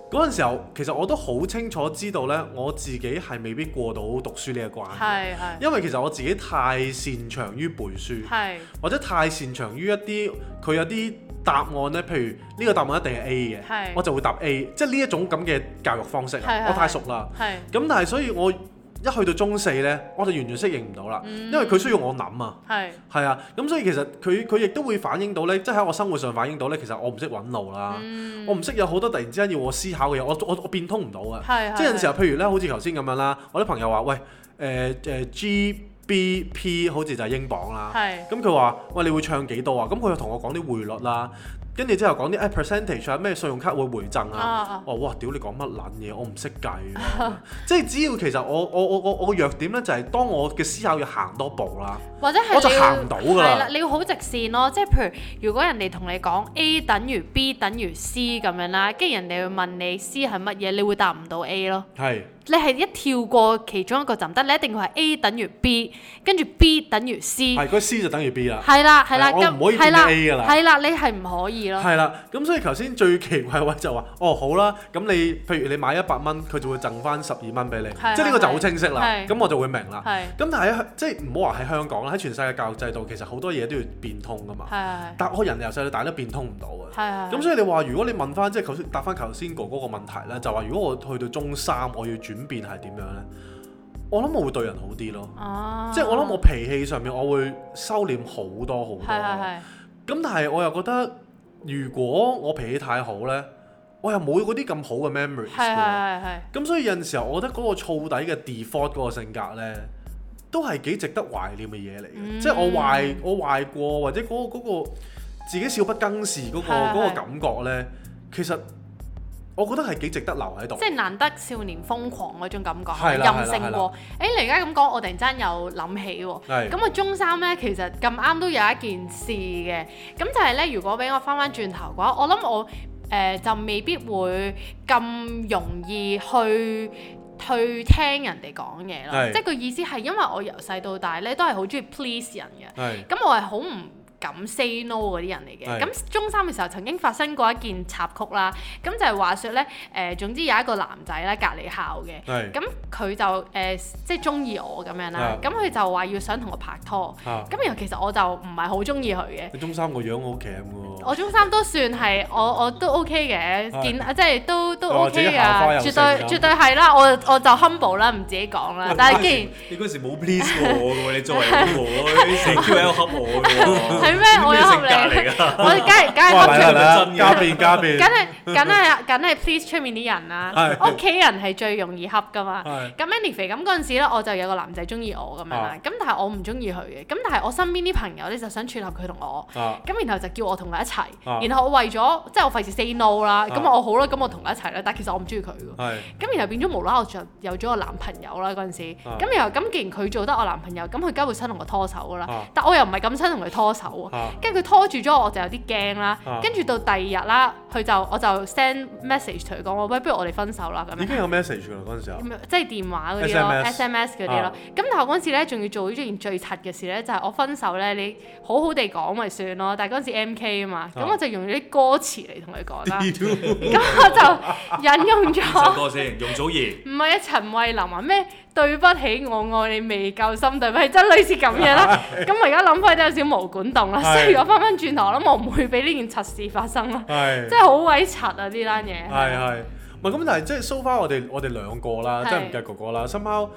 嗰陣時候，其實我都好清楚知道咧，我自己係未必過到讀書呢一關。係因為其實我自己太擅長於背書，是或者太擅長於一啲佢有啲答案咧，譬如呢個答案一定係 A 嘅，是我就會答 A。即係呢一種咁嘅教育方式，是我太熟啦。係。咁但係所以我，我一去到中四咧，我就完全適應唔到啦，因為佢需要我諗啊，係係、嗯、啊，咁所以其實佢佢亦都會反映到咧，即係喺我生活上反映到咧，其實我唔識揾路啦，嗯、我唔識有好多突然之間要我思考嘅嘢，我我我變通唔到啊，即係有時候譬如咧，好似頭先咁樣啦，我啲朋友話，喂，誒、呃、誒、呃、GBP 好似就係英鎊啦，咁佢話，喂，你會唱幾多啊？咁佢又同我講啲匯率啦。跟住之後講啲誒 percentage 啊，咩、哎、信用卡會回贈啊，啊啊哦，哇屌你講乜撚嘢，我唔識計。 即係只要其實我我我我我個弱點咧，就係當我嘅思考要行多步啦，或者係我就行唔到㗎啦。係啦，你要好直線咯。即係譬如如果人哋同你講 A 等於 B 等於 C 咁樣啦，跟住人哋會問你 C 係乜嘢，你會答唔到 A 咯。係是。你係一跳過其中一個就唔得，你一定要係 A 等於 B，跟住 B 等於 C。係，個 C, C 就等於 B 啦。係啦係啦，咁唔可以變 A 㗎啦。係啦，你係唔可以。係啦，咁所以頭先最奇怪嘅位就係話：哦，好啦，咁你譬如你買一百蚊，佢就會贈翻十二蚊俾你，是的 即係呢個就好清晰啦。咁是的 我就會明啦。咁是的 但係即係唔好話喺香港啦，喺全世界教育制度其實好多嘢都要變通噶嘛。是的 但係我人由細到大都變通唔到嘅。咁是的 所以你話，如果你問翻即係頭先答翻頭先哥哥個問題咧，就話如果我去到中三，我要轉變係點樣咧？我諗我會對人好啲咯。啊、即係我諗我脾氣上面，我會收斂好多好多好多。咁但係我又覺得。如果我脾氣太好咧，我又冇嗰啲咁好嘅 memories 係係。咁所以有陣時候，我覺得嗰個燥底嘅 default 嗰個性格咧，都係幾值得懷念嘅嘢嚟嘅。即係、嗯、我壞我壞過，或者嗰、嗰、嗰、個嗰個自己少不更事嗰、嗰個、個感覺咧，其實。我覺得係幾值得留喺度，即係難得少年瘋狂嗰種感覺，的任性喎。誒、欸，你而家咁講，我突然間有諗起喎。咁啊的，中三呢，其實咁啱都有一件事嘅。咁就係呢，如果俾我翻翻轉頭嘅話，我諗我誒、呃、就未必會咁容易去去聽人哋講嘢咯。的即係個意思係因為我由細到大呢，都係好中意 please 人嘅。咁的我係好唔～敢 say no 嗰啲人嚟嘅。咁中三嘅時候曾經發生過一件插曲啦，咁就係話說咧，誒，總之有一個男仔咧，隔離校嘅，咁佢就誒即係中意我咁樣啦，咁佢就話要想同我拍拖，咁然後其實我就唔係好中意佢嘅。你中三個樣好夾嘅喎，我中三都算係我我都 OK 嘅，見即係都都 OK 嘅，絕對絕對係啦，我我就 humble 啦，唔自己講啦，但係既然你嗰時冇 please 過我嘅喎，你作為老婆成 Q L 恰我。係咩？我有恰你？我梗係梗係出面啲人梗係梗係梗係 please 出面啲人啦，屋企人係最容易恰㗎嘛。咁 manly 肥咁嗰陣時咧，我就有個男仔中意我咁樣啦。咁但係我唔中意佢嘅。咁但係我身邊啲朋友咧，就想撮合佢同我。咁然後就叫我同佢一齊。然後我為咗即係我費事 say no 啦。咁我好啦，咁我同佢一齊啦。但係其實我唔中意佢嘅。咁然後變咗無啦啦，我就有咗個男朋友啦嗰陣時。咁然後咁，既然佢做得我男朋友，咁佢梗係會想同我拖手㗎啦。但我又唔係咁想同佢拖手。跟住佢拖住咗我，就有啲驚啦。跟住到第二日啦，佢就我就 send message 同佢講：我喂，不如我哋分手啦咁樣。已經有 message 啦嗰陣時。即係電話嗰啲咯，SMS 嗰啲咯。咁但係我嗰陣時咧，仲要做呢件最柒嘅事咧，就係我分手咧，你好好地講咪算咯。但係嗰陣時 MK 啊嘛，咁我就用咗啲歌詞嚟同佢講啦。咁我就引用咗首歌先，容祖兒。唔係啊，陳慧琳啊咩？對不起，我愛你未夠深。對不起，真係類似咁樣啦。咁我而家諗翻都有少毛管動啦。所以我翻翻轉頭，我諗我唔會俾呢件柒事發生啦。係，即係好鬼柒啊！呢單嘢係係唔係咁？但係即係 so far，我哋我哋兩個啦，即係唔計哥哥啦，新貓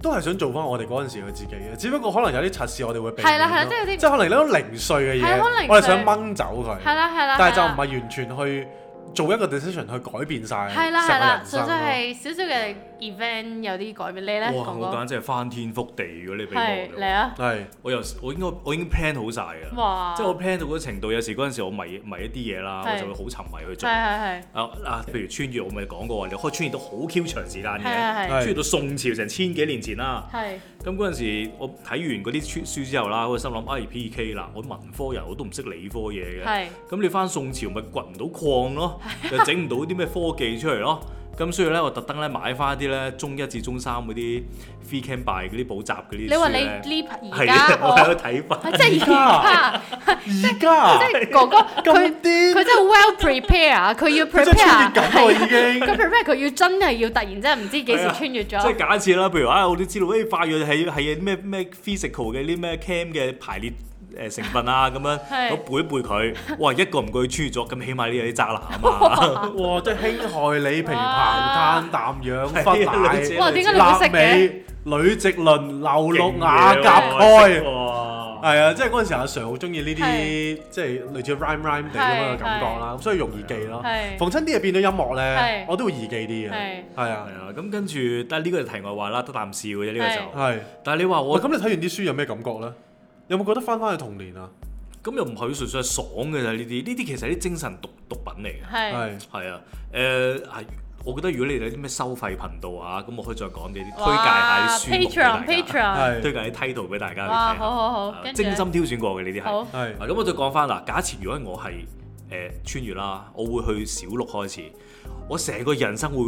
都係想做翻我哋嗰陣時嘅自己嘅。只不過可能有啲測試，我哋會俾係啦係啦，即係啲即係可能啲零碎嘅嘢，我哋想掹走佢係啦係啦。但係就唔係完全去。做一個 decision 去改變晒成個人生咯，純粹係少少嘅 event 有啲改變。你咧？哇！好簡真係翻天覆地。如果你俾我，嚟你啊，係我有我應該我已經 plan 好曬嘅。哇！即係我 plan 到嗰程度，有時嗰陣時我迷迷一啲嘢啦，我就會好沉迷去做。啊譬如穿越，我咪講過話，你開穿越到好 Q 長時間嘅，穿越到宋朝成千幾年前啦。係。咁嗰陣時我睇完嗰啲書之後啦，我心諗：I P K 啦，我文科人我都唔識理科嘢嘅。係。咁你翻宋朝咪掘唔到礦咯？就整唔到啲咩科技出嚟咯，咁所以咧，我特登咧買翻啲咧中一至中三嗰啲 free can buy 嗰啲補習嗰啲書咧。係啊，我喺度睇翻。即係而家，而家，哥哥佢啲，佢真係 well prepare，佢要 prepare。咁耐已經。咁 prepare 佢要真係要突然真係唔知幾時穿越咗、 啊。即係假設啦，譬如啊，我都知道，誒化學係係咩咩 physical 嘅啲咩 chem 嘅排列。誒成分啊咁樣，我背一背佢，哇一個唔覺意輸咗，咁起碼你有啲渣男啊嘛，哇都輕害你平衡、碳氧、分離、辣味、女直輪流六亞甲。開，係啊，即係嗰陣時阿 Sir 好中意呢啲，即係類似 rhyme rhyme 地咁樣嘅感覺啦，所以容易記咯。逢親啲嘢變咗音樂咧，我都會易記啲嘅，係啊係啊，咁跟住但係呢個係題外話啦，得啖笑啫呢個就係。但係你話我咁你睇完啲書有咩感覺咧？有冇覺得翻翻去童年啊？咁又唔係純粹係爽嘅啫，呢啲呢啲其實係啲精神毒毒品嚟嘅。係係是啊，誒、呃、係，我覺得如果你哋有啲咩收費頻道啊，咁我可以再講啲推介下啲書，Patreon Patreon 推介啲 title 俾大家。大家哇，好好好，精心挑選過嘅呢啲係。好。咁是、啊、我再講翻喇，假設如果我係誒穿越啦，我會去小六開始，我成個人生會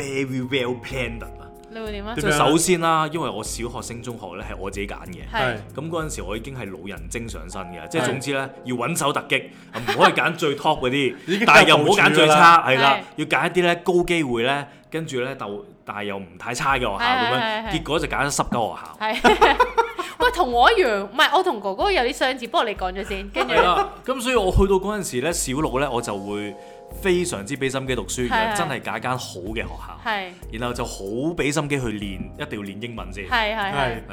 very well planned。你會點啊？首先啦、啊，因為我小學升中學咧係我自己揀嘅。係的。咁嗰陣時我已經係老人精上身嘅，即、就、係、是、總之咧要揾手突擊，唔 可以揀最 top 嗰啲，但係又唔好揀最差，係啦 的，的要揀一啲咧高機會咧，跟住咧鬥，但係又唔太差嘅學校咁樣。是是是是是結果就揀咗十間學校。係。喂，同我一樣，唔係我同哥哥有啲相似，不過你講咗先。跟住。係啦。咁所以我去到嗰陣時咧，小六咧我就會。非常之俾心機讀書，是的 真係揀間好嘅學校，是的 然後就好俾心機去練，一定要練英文先，係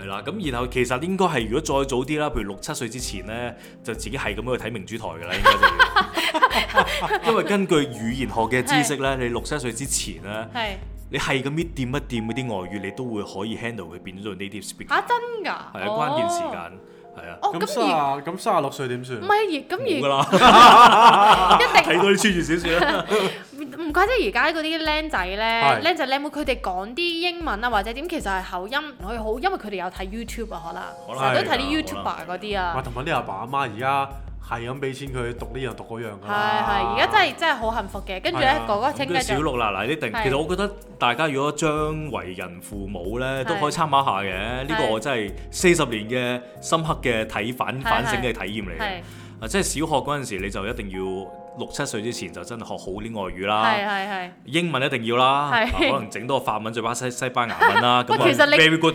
啦。咁然後其實應該係如果再早啲啦，譬如六七歲之前咧，就自己係咁樣去睇明珠台㗎啦。應該就 因為根據語言學嘅知識咧，是的 你六七歲之前咧，你係咁搣掂一掂嗰啲外語，你都會可以 handle 佢變咗做 native speaker。啊，真㗎？係啊，關鍵時間。係啊，咁卅咁卅六歲點算？唔係而咁而睇到你穿越少少，唔怪得而家嗰啲僆仔咧，僆仔僆妹佢哋講啲英文啊，或者點其實係口音唔可以好，因為佢哋有睇 YouTube 啊，可能成日都睇啲 YouTuber 嗰啲啊。同埋啲阿爸阿媽而家。係咁俾錢佢讀呢樣讀嗰樣㗎嘛。係係，而家真係真係好幸福嘅。跟住咧，哥哥請繼續。咁小六嗱嗱呢定，個其實我覺得大家如果將為人父母咧，的都可以參考下嘅。呢的個我真係四十年嘅深刻嘅體反反省嘅體驗嚟。即係小學嗰陣時，你就一定要六七歲之前就真係學好啲外語啦。英文一定要啦，可能整多個法文、再把西西班牙文啦。咁其實你你怪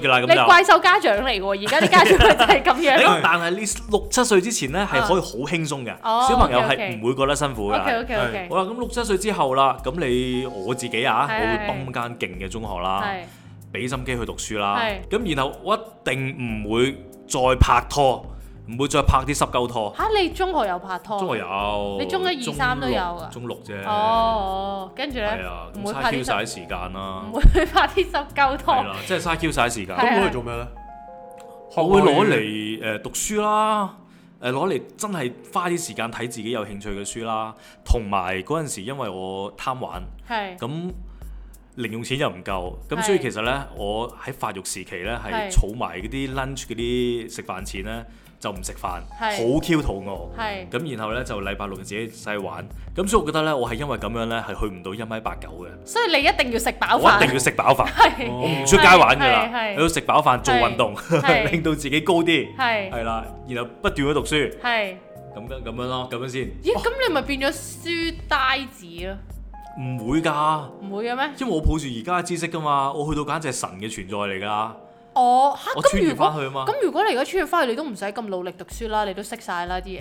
獸家長嚟嘅喎，而家啲家長真係咁樣。但係你六七歲之前呢，係可以好輕鬆嘅，小朋友係唔會覺得辛苦嘅。好啦，咁六七歲之後啦，咁你我自己啊，我會泵間勁嘅中學啦，俾心機去讀書啦。咁然後我一定唔會再拍拖。唔會再拍啲濕鳩拖吓。你中學有拍拖？中學有，你中一二三都有啊，中六啫。哦，跟住咧，唔會嘥晒啲時間啦，唔會去拍啲濕鳩拖。係啦，即係嘥 Q 晒啲時間。咁攞嚟做咩咧？會攞嚟誒讀書啦，誒攞嚟真係花啲時間睇自己有興趣嘅書啦。同埋嗰陣時，因為我貪玩，係咁零用錢又唔夠，咁所以其實咧，我喺發育時期咧係儲埋嗰啲 lunch 嗰啲食飯錢咧。就唔食飯，好 Q 肚餓，咁然後呢，就禮拜六自己細玩，咁所以我覺得呢，我係因為咁樣呢，係去唔到一米八九嘅。所以你一定要食飽飯，我一定要食飽飯，我唔出街玩㗎啦，我要食飽飯做運動，令到自己高啲，係啦，然後不斷去讀書，係咁樣咁樣咯，咁樣先。咦？咁你咪變咗書呆子咯？唔會㗎，唔會嘅咩？因為我抱住而家嘅知識㗎嘛，我去到簡直係神嘅存在嚟㗎。哦，嚇！咁如果咁如果你而家穿越翻去，你都唔使咁努力讀書啦，你都識晒啦啲嘢。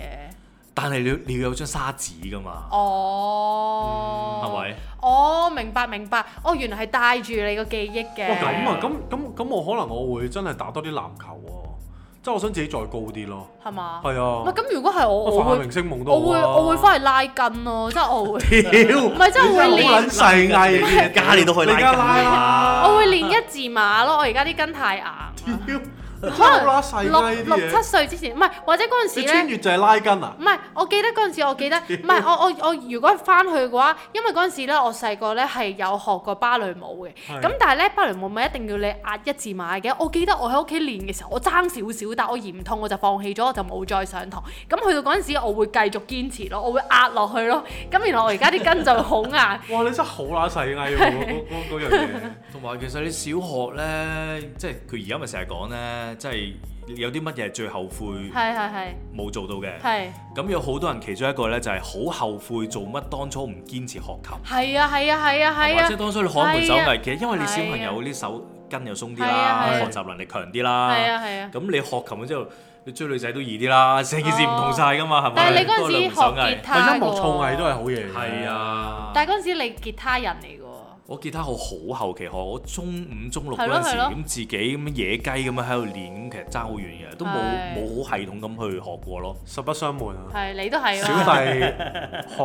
但係你你要有張沙紙㗎嘛？哦，係咪？我明白明白，我原來係帶住你個記憶嘅。咁啊，咁咁咁，我可能我會真係打多啲籃球喎，啊。即係我想自己再高啲咯，係嘛吧？係啊，唔係咁如果係我，我會，明星夢都，我會，我會返去拉筋咯，即係我會，唔係即係會練，喺屋是家你都可以拉筋啦。我會練一字馬咯，我而家啲筋太硬。 拉細六,六七歲之前，唔係或者嗰陣時咧，穿越就係拉筋啊！唔係，我記得嗰陣時，我記得唔係 我我我如果翻去嘅話，因為嗰陣時咧，我細個咧係有學過芭蕾舞嘅，咁的但係咧芭蕾舞咪一定要你壓一字馬嘅。我記得我喺屋企練嘅時候，我爭少少，但我嫌痛，我就放棄咗，我就冇再上堂。咁去到嗰陣時，我會繼續堅持咯，我會壓落去咯。咁原來我而家啲筋就好硬。 哇！你真係好乸細拉嘅嗰樣嘢，同埋的 其實你小學咧，即係佢而家咪成日講咧。即係有啲乜嘢最後悔？係係係冇做到嘅。係咁有好多人，其中一個咧就係好後悔做乜當初唔堅持學琴。係啊係啊係啊係啊！即係當初你學一門手藝，其實因為你小朋友啲手筋又鬆啲啦，學習能力強啲啦。係啊係啊！咁你學琴之後，你追女仔都易啲啦，成件事唔同晒噶嘛。係咪？但係你嗰陣時學吉他，音樂創藝都係好嘢。係啊！但係嗰陣時你吉他人嚟我結他我好後期學，我中五中六嗰陣時咁自己咁野雞咁樣喺度練，其實爭好遠嘅，都冇冇好系統咁去學過咯。實不相瞞啊，係你都係小弟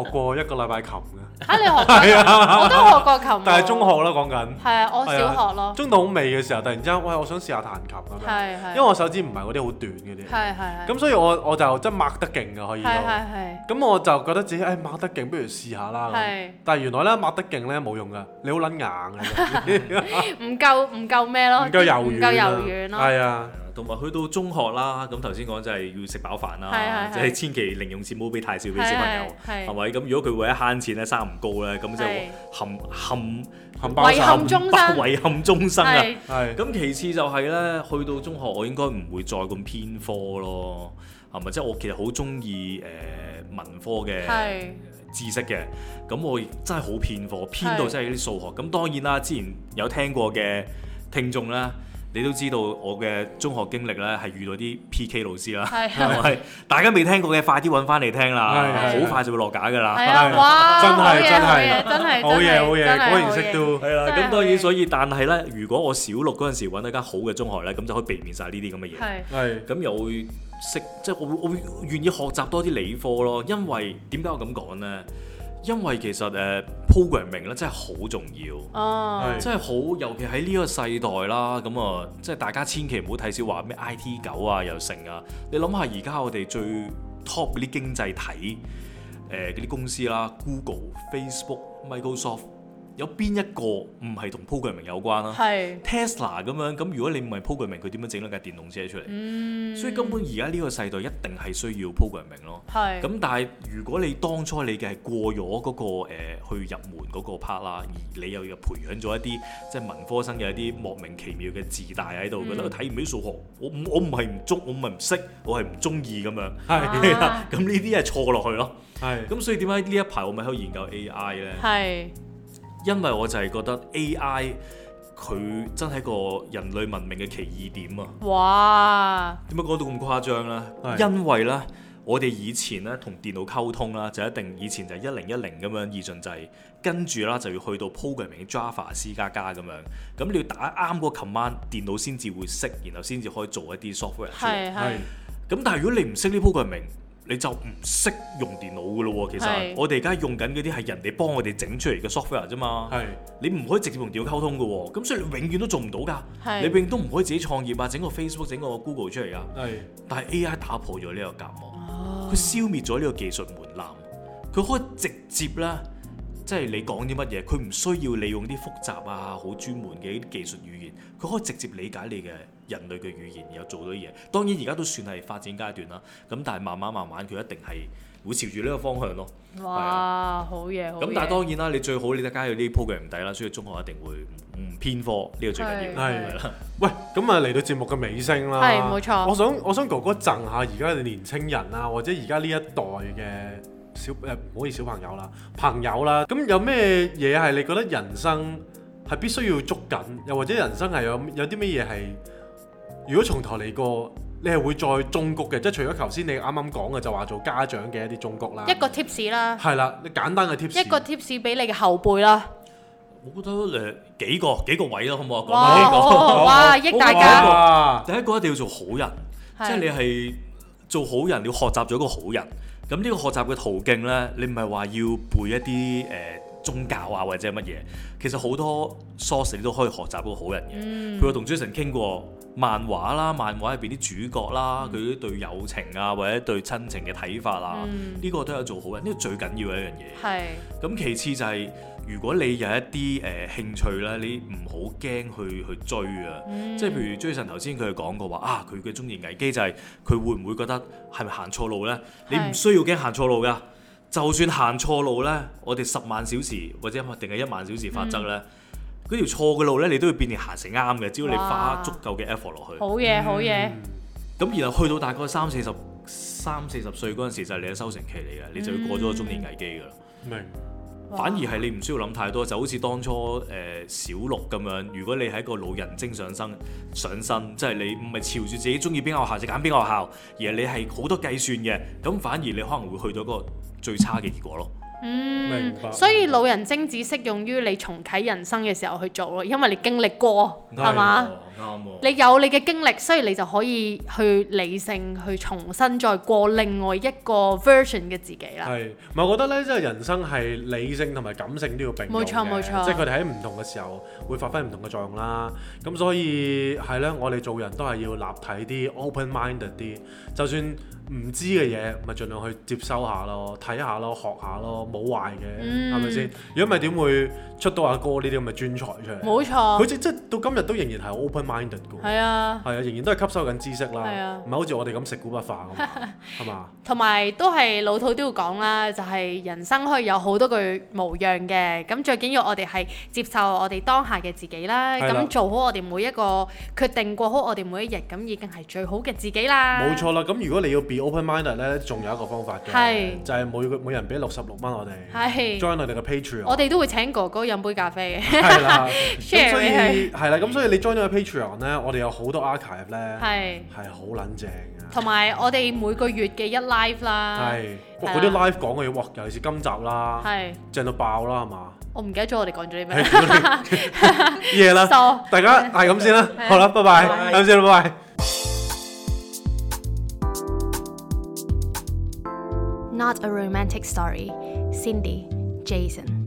學過一個禮拜琴嘅。嚇，你學過，我都學過琴。但係中學啦，講緊係啊，我小學咯。中到好尾嘅時候，突然之間，喂，我想試下彈琴咁樣，因為我手指唔係嗰啲好短嘅啲。係係，咁所以，我我就真係擘得勁嘅可以。係咁我就覺得自己誒擘得勁，不如試下啦。但係原來咧擘得勁咧冇用㗎。你好撚硬啊！唔 夠唔夠咩咯？唔夠柔軟咯？係啊，同埋去到中學啦，咁頭先講就係要食飽飯啦，即係是千祈零用錢唔好俾太少俾小朋友，係咪是？咁如果佢為咗慳錢咧生唔高咧，咁即係冚冚冚包生，遺憾終生，遺憾終生啊！係。咁其次就係咧，去到中學我應該唔會再咁偏科咯，係咪？即係我其實好中意誒文科嘅。係。知識嘅，咁我真係好偏科，偏到真係啲數學。咁是當然啦，之前有聽過嘅聽眾啦。你都知道我嘅中學經歷呢，係遇到啲 P. K. 老師啦，係大家未聽過嘅，快啲揾翻嚟聽啦，好快就會落架噶啦，真係真係，真係好嘢好嘢，果然識到係啦。咁當然所以，但係呢，如果我小六嗰陣時揾到間好嘅中學呢，咁就可以避免晒呢啲咁嘅嘢，係咁又會識，即係我會我願意學習多啲理科咯。因為點解我咁講呢？因為其實誒、呃、programming 咧真係好重要，uh, 真係好，尤其喺呢一個世代啦，咁啊，即係大家千祈唔好睇小話咩 IT 狗啊，又成啊，你諗下而家我哋最 top 啲經濟體，誒嗰啲公司啦，Google、Facebook、Microsoft。有邊一個唔係同 programming 有關啦、啊？係是 Tesla 咁樣咁，如果你唔係 programming，佢點樣整到架電動車出嚟？嗯，所以根本而家呢個世代一定係需要 programming 咯。係咁是，但係如果你當初你嘅係過咗嗰、嗰個、呃、去入門嗰個 part 啦，而你又要培養咗一啲即係文科生嘅一啲莫名其妙嘅自大喺度，覺得睇唔起數學，我我唔係唔中，我唔係唔識，我係唔中意咁樣。係咁呢啲係錯落去咯。係咁是，所以點解呢一排我咪可以研究 AI 咧？係是。是因為我就係覺得 AI 佢真係一個人類文明嘅奇異點啊！哇！點解講到咁誇張呢？是因為呢，我哋以前呢，同電腦溝通啦，就一定以前就係一零一零咁樣二進制，跟住啦就要去到 programming Java、C 加加咁樣，咁你要打啱嗰 command，電腦先至會識，然後先至可以做一啲 software。係係。咁是但係如果你唔識呢 programming 你就唔識用電腦嘅咯喎，其實是我哋而家用緊嗰啲係人哋幫我哋整出嚟嘅 software 啫嘛，你唔可以直接用電腦溝通嘅喎，咁所以你永遠都做唔到㗎是，你永遠都唔可以自己創業啊，整個 Facebook 是、整個 Google 出嚟㗎。係，但係 AI 打破咗呢個隔膜，佢消滅咗呢個技術門檻，佢可以直接啦，即係你講啲乜嘢，佢唔需要你用啲複雜啊、好專門嘅技術語言，佢可以直接理解你嘅。人類嘅語言有做到嘢，當然而家都算係發展階段啦。咁但係慢慢慢慢，佢一定係會朝住呢個方向咯。哇，的好嘢！咁但係當然啦，你最好你啲家要呢鋪腳唔抵啦，所以中學一定會唔偏科呢、呢個最緊要係 喂，咁啊嚟到節目嘅尾聲啦，係冇錯。我想我想哥哥贈下而家嘅年青人啊，或者而家呢一代嘅小誒唔可以小朋友啦，朋友啦，咁有咩嘢係你覺得人生係必須要捉緊，又或者人生係有有啲咩嘢係？如果從頭嚟過，你係會再忠告嘅，即係除咗頭先你啱啱講嘅，就話做家長嘅一啲忠告啦。一個 tips 啦。係啦，簡單嘅 tips。一個 tips 俾你嘅後輩啦。我覺得誒幾個幾個位啦，好唔好，好？講幾個。哇！益大家。第一個一定要做好人，的即係你係做好人，你要學習咗個好人。咁呢個學習嘅途徑咧，你唔係話要背一啲誒、呃、宗教啊，或者係乜嘢？其實好多 source 你都可以學習嗰個好人嘅。佢、嗯、我同 Jason 傾過。漫畫啦，漫畫入邊啲主角啦，佢啲對友情啊，或者對親情嘅睇法啊，呢、嗯、個都有做好嘅。呢、這、為、個、最緊要嘅一樣嘢。係是。咁其次就係、是，如果你有一啲誒、呃、興趣咧，你唔好驚去去追啊。嗯、即係譬如張一山頭先佢講過話，啊，佢嘅中年危機就係、是、佢會唔會覺得係咪行錯路呢？你唔需要驚行錯路㗎，是就算行錯路呢，我哋十萬小時或者定係一萬小時法則呢。嗯嗰條錯嘅路咧，你都要變成行成啱嘅，只要你花足夠嘅 effort 落去。哇嗯、好嘢，好嘢。咁然後去到大概三四十、三四十歲嗰陣時，就係、是、你嘅收成期嚟嘅，你就會過咗個中年危機噶啦。明、嗯。反而係你唔需要諗太多，就好似當初誒、呃、小六咁樣。如果你係一個老人精上身，上身即係、就是、你唔係朝住自己中意邊個學校就揀邊個學校，而係你係好多計算嘅。咁反而你可能會去到嗰個最差嘅結果咯。嗯，白所以老人精子適用於你重啟人生嘅時候去做咯，因為你經歷過，係嘛的？啱喎，你有你嘅經歷，所以你就可以去理性去重新再過另外一個 version 嘅自己啦。係，咪我覺得咧，即係人生係理性同埋感性都要並，冇錯，冇錯，錯即係佢哋喺唔同嘅時候會發揮唔同嘅作用啦。咁所以係咧，我哋做人都係要立體啲、open minded 啲。就算唔知嘅嘢，咪盡量去接收下咯，睇下咯，學下咯，冇壞嘅，係咪先？如果咪點會出到阿哥呢啲咁嘅專才出嚟？冇錯，佢即即到今日都仍然係 open mind 嘅，係啊，係啊，仍然都係吸收緊知識啦，唔係好似我哋咁食古不化咁，係嘛？同埋都係老土都要講啦，就係人生可以有好多句模樣嘅，咁最緊要我哋係接受我哋當下嘅自己啦，咁做好我哋每一個決定，過好我哋每一日，咁已經係最好嘅自己啦。冇錯啦，咁如果你要 be open mind 咧，仲有一個方法嘅，就係每每人俾六十六蚊我哋，join 我哋嘅 page 我哋都會請哥哥飲杯咖啡嘅，咁所以係啦，咁所以你 join 咗嘅 page。.咧，我哋有好多 archive 咧，係，係好撚正啊！同埋我哋每個月嘅一 live 啦，係，哇嗰啲 live 講嘅嘢，哇尤其是今集啦，係，正到爆啦，係嘛？我唔記得咗我哋講咗啲咩嘢啦，大家係咁先啦，好啦，拜拜，多謝你拜拜。Not a romantic story. Cindy, Jason.